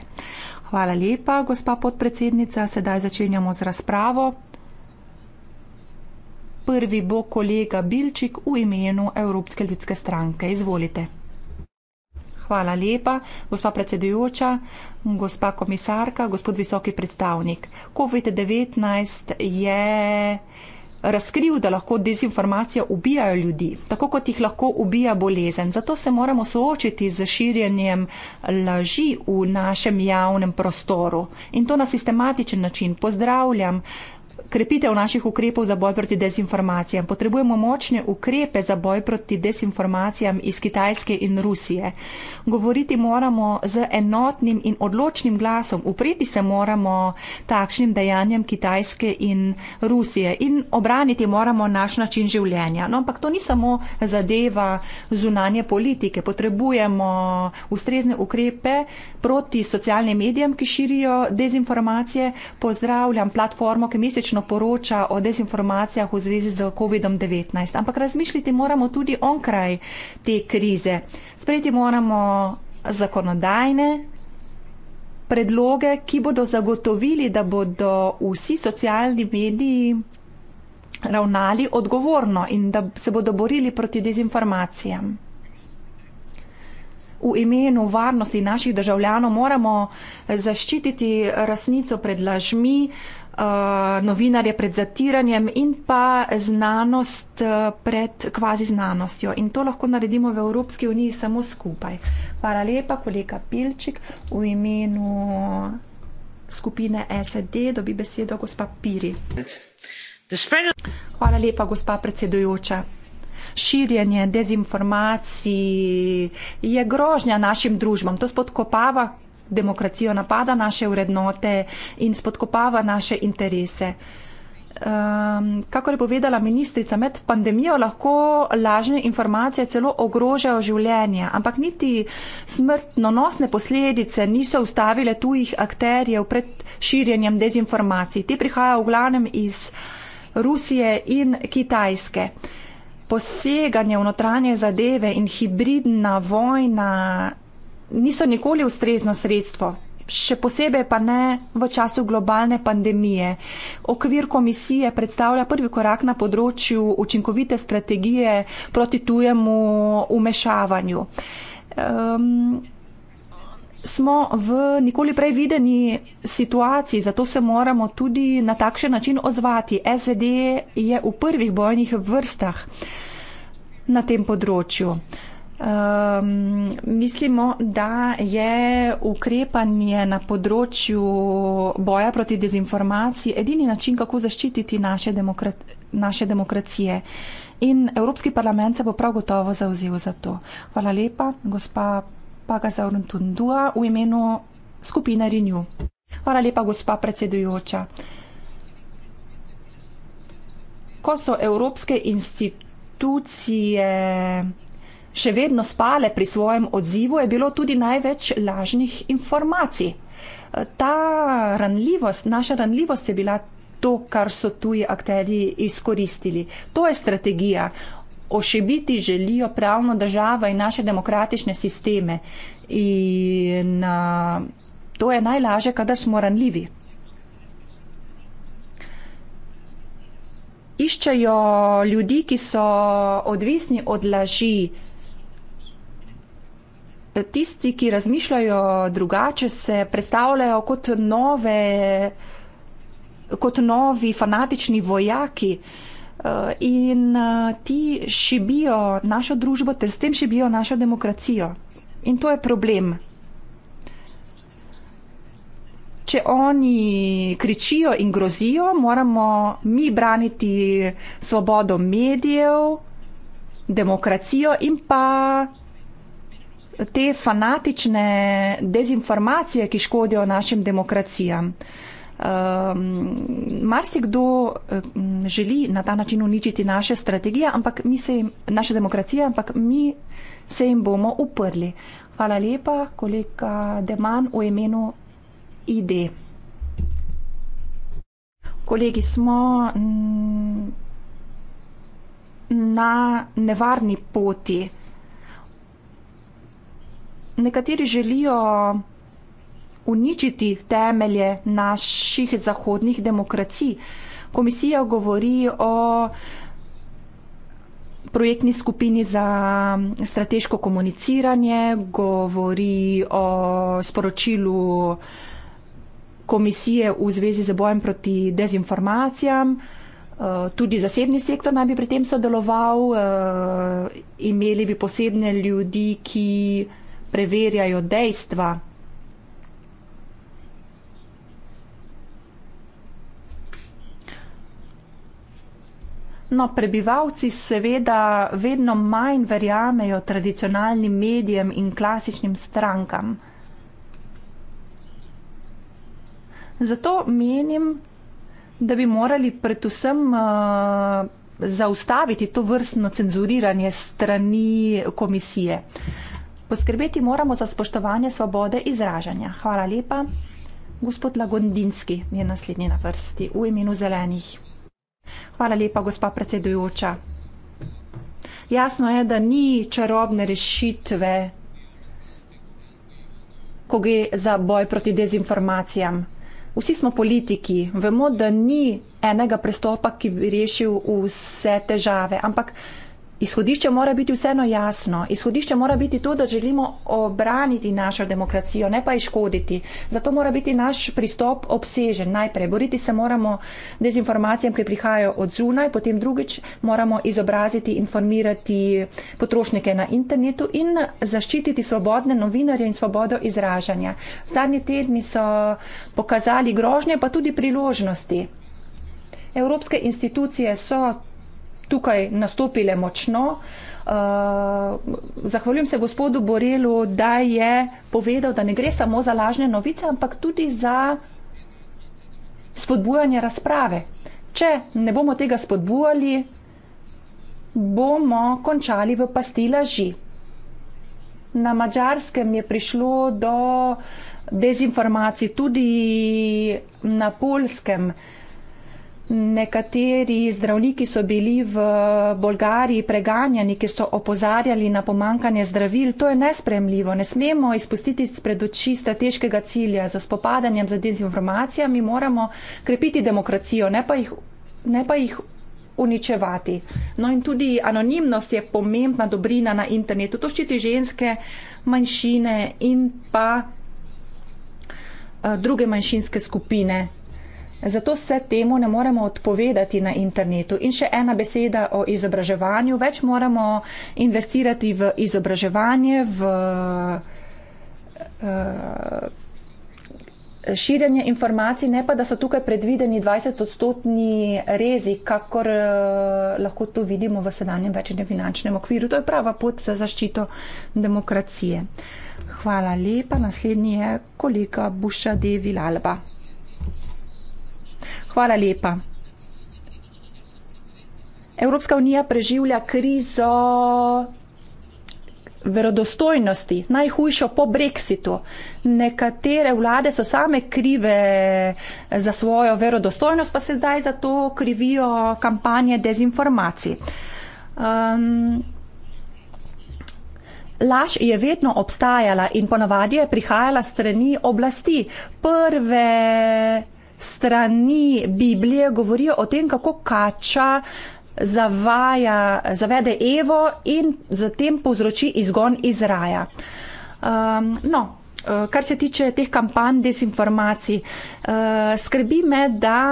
Hvala lepa, gospa podpredsednica. Sedaj začenjamo z razpravo. Prvi bo kolega Bilčik v imenu Evropske ljudske stranke. Izvolite. Hvala lepa, gospa predsedujoča, gospa komisarka, gospod visoki predstavnik. COVID-19 je razkril, da lahko dezinformacija ubijajo ljudi, tako kot jih lahko ubija bolezen. Zato se moramo soočiti z širjenjem laži v našem javnem prostoru in to na sistematičen način. Pozdravljam uh, krepitev naših ukrepov za boj proti dezinformacijam. Potrebujemo močne ukrepe za boj proti dezinformacijam iz Kitajske in Rusije. Govoriti moramo z enotnim in odločnim glasom. Upreti se moramo takšnim dejanjem Kitajske in Rusije in obraniti moramo naš način življenja. No, ampak to ni samo zadeva zunanje politike. Potrebujemo ustrezne ukrepe proti socialnim medijem, ki širijo dezinformacije. Pozdravljam platformo, ki mesečno poroča o dezinformacijah v zvezi z COVID-19. Ampak razmišljati moramo tudi onkraj te krize. Sprejeti moramo zakonodajne predloge, ki bodo zagotovili, da bodo vsi socialni mediji ravnali odgovorno in da se bodo borili proti dezinformacijam v imenu varnosti naših državljanov moramo zaščititi resnico pred lažmi, eh, novinarje pred zatiranjem in pa znanost eh, pred kvazi znanostjo. In to lahko naredimo v Evropski uniji samo skupaj. Hvala lepa, kolega Pilčik, v imenu skupine SED dobi besedo gospa Piri. Hvala lepa, gospa predsedujoča širjenje dezinformacij je grožnja našim družbam. To spodkopava demokracijo, napada naše urednote in spodkopava naše interese. Um, kako je povedala ministrica, med pandemijo lahko lažne informacije celo ogrožajo življenje, ampak niti smrtnonosne posledice niso ustavile tujih akterjev pred širjenjem dezinformacij. Ti prihajajo v glavnem iz Rusije in Kitajske. Uh, poseganje v notranje zadeve in hibridna vojna niso nikoli ustrezno sredstvo. Še posebej pa ne v času globalne pandemije. Okvir komisije predstavlja prvi korak na področju učinkovite strategije proti tujemu umešavanju. Um, smo v nikoli prej videni situaciji, zato se moramo tudi na takšen način ozvati. SED je v prvih bojnih vrstah. Uh, na tem področju. Um, mislimo, da je ukrepanje na področju boja proti dezinformaciji edini način, kako zaščititi naše, demokra naše demokracije. In Evropski parlament se bo prav gotovo zauzel za to. Hvala lepa, gospa Pagazaurn Tundua v imenu skupine Renew. Hvala lepa, gospa predsedujoča. Ko so evropske institucije, institucije še vedno spale pri svojem odzivu, je bilo tudi največ lažnih informacij. Ta ranljivost, naša ranljivost je bila to, kar so tuji akteri izkoristili. To je strategija. Ošebiti želijo pravno državo in naše demokratične sisteme. In uh, to je najlažje, kadar smo ranljivi. iščejo ljudi, ki so odvisni od laži. Tisti, ki razmišljajo drugače, se predstavljajo kot, nove, kot novi fanatični vojaki eh, in eh, ti šibijo našo družbo ter s tem šibijo našo demokracijo. In to je problem. Če oni kričijo in grozijo, moramo mi braniti svobodo medijev, demokracijo in pa te fanatične dezinformacije, ki škodijo našim demokracijam. Um, marsikdo ehm, želi na ta način uničiti naše strategije, ampak mi se jim, naše demokracije, ampak mi se jim bomo uprli. Hvala lepa, kolega Deman, v imenu ID. Kolegi, smo mm, na nevarni poti. Nekateri želijo uničiti temelje naših zahodnih demokracij. Komisija govori o projektni skupini za strateško komuniciranje, govori o sporočilu komisije v zvezi z bojem proti dezinformacijam. Eh, tudi zasebni sektor naj bi pri tem sodeloval, eh, imeli bi posebne ljudi, ki preverjajo dejstva. No, prebivalci seveda vedno manj verjamejo tradicionalnim medijem in klasičnim strankam. Zato menim, da bi morali predvsem uh, zaustaviti to vrstno cenzuriranje strani komisije. Poskrbeti moramo za spoštovanje svobode izražanja. Hvala lepa. Gospod Lagondinski je naslednji na vrsti v imenu zelenih. Hvala lepa, gospa predsedujoča. Jasno je, da ni čarobne rešitve, ko gre za boj proti dezinformacijam. Vsi smo politiki, vemo, da ni enega prestopa, ki bi rešil vse težave, ampak Izhodišče mora biti vseeno jasno. Izhodišče mora biti to, da želimo obraniti našo demokracijo, ne pa jih škoditi. Zato mora biti naš pristop obsežen najprej. Boriti se moramo dezinformacijam, ki prihajajo od zunaj, potem drugič moramo izobraziti, informirati potrošnike na internetu in zaščititi svobodne novinarje in svobodo izražanja. Zadnji tedni so pokazali grožnje, pa tudi priložnosti. Evropske institucije so tukaj nastopile močno. Uh, zahvaljujem se gospodu Borelu, da je povedal, da ne gre samo za lažne novice, ampak tudi za spodbujanje razprave. Če ne bomo tega spodbujali, bomo končali v pasti laži. Na mačarskem je prišlo do dezinformacij, tudi na polskem uh, Nekateri zdravniki so bili v Bolgariji preganjani, ker so opozarjali na pomankanje zdravil. To je nespremljivo. Ne smemo izpustiti spred oči strateškega cilja za spopadanjem z dezinformacijami. Moramo krepiti demokracijo, ne pa jih. Ne pa jih uničevati. No in tudi anonimnost je pomembna dobrina na internetu. To ščiti ženske, manjšine in pa uh, druge manjšinske skupine. Zato se temu ne moremo odpovedati na internetu. In še ena beseda o izobraževanju. Več moramo investirati v izobraževanje, v uh, širjenje informacij, ne pa, da so tukaj predvideni 20 odstotni rezi, kakor uh, lahko to vidimo v sedanjem večjem finančnem okviru. To je prava pot za zaščito demokracije. Hvala lepa. Naslednji je kolega Buša de Vilalba. Hvala lepa. Evropska unija preživlja krizo verodostojnosti, najhujšo po brexitu. Nekatere vlade so same krive za svojo verodostojnost, pa sedaj za to krivijo kampanje dezinformacij. Um, Laž je vedno obstajala in ponavadi je prihajala strani oblasti. Prve strani Biblije govorijo o tem, kako kača zavaja, zavede Evo in zatem povzroči izgon iz raja. Um, no, uh, kar se tiče teh kampanj desinformacij, uh, skrbi me, da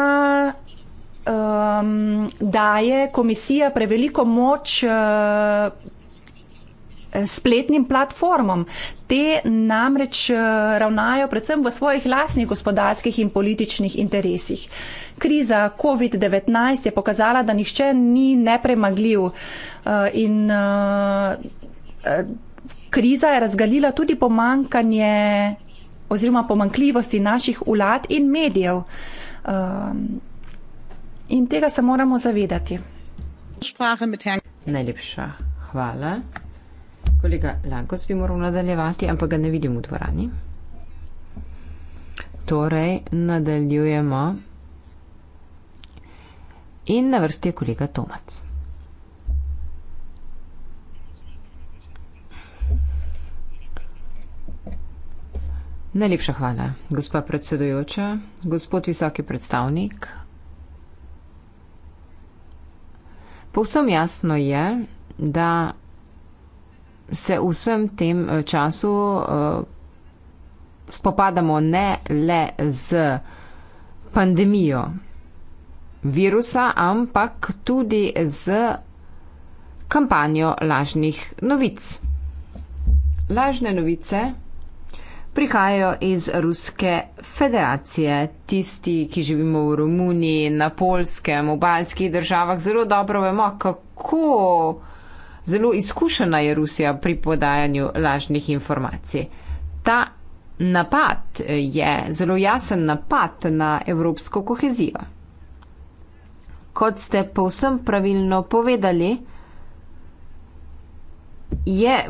um, daje komisija preveliko moč. Uh, spletnim platformom. Te namreč eh, ravnajo predvsem v svojih lasnih gospodarskih in političnih interesih. Kriza COVID-19 je pokazala, da nihče ni nepremagljiv eh, in eh, kriza je razgalila tudi pomankanje oziroma pomankljivosti naših vlad in medijev. In tega se moramo zavedati. Najlepša hvala. Kolega Lagos bi moral nadaljevati, ampak ga ne vidim v dvorani. Torej, nadaljujemo. In na vrsti je kolega Tomac. Najlepša hvala, gospa predsedujoča, gospod visoki predstavnik. Povsem jasno je, da se vsem tem eh, času eh, spopadamo ne le z pandemijo virusa, ampak tudi z kampanjo lažnih novic. Lažne novice prihajajo iz Ruske federacije. Tisti, ki živimo v Romuniji, na Polskem, v Baljskih državah, zelo dobro vemo, kako Zelo izkušena je Rusija pri podajanju lažnih informacij. Ta napad eh, je zelo jasen napad na evropsko kohezijo. Kot ste povsem pravilno povedali, je